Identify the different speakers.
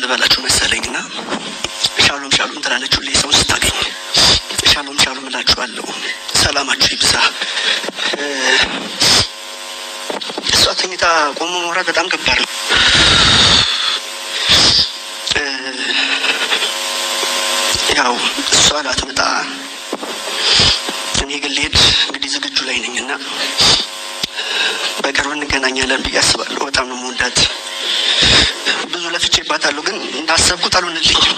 Speaker 1: ሰላም ልበላችሁ መሰለኝ እና ሻሎም ሻሎም ትላለችሁ ላይ ሰው ስታገኝ ሻሎም ሻሎም እላችኋለሁ። ሰላማችሁ ይብዛ። እሷ ተኝታ ቆሞ መውራት በጣም ከባድ ነው። ያው እሷ ላትመጣ እኔ ግን ልሄድ እንግዲህ ዝግጁ ላይ ነኝ እና በቅርብ እንገናኛለን ብዬ አስባለሁ። በጣም ነው መወዳት ይመጣሉ፣ ግን እንዳሰብኩት አልሆነልኝም።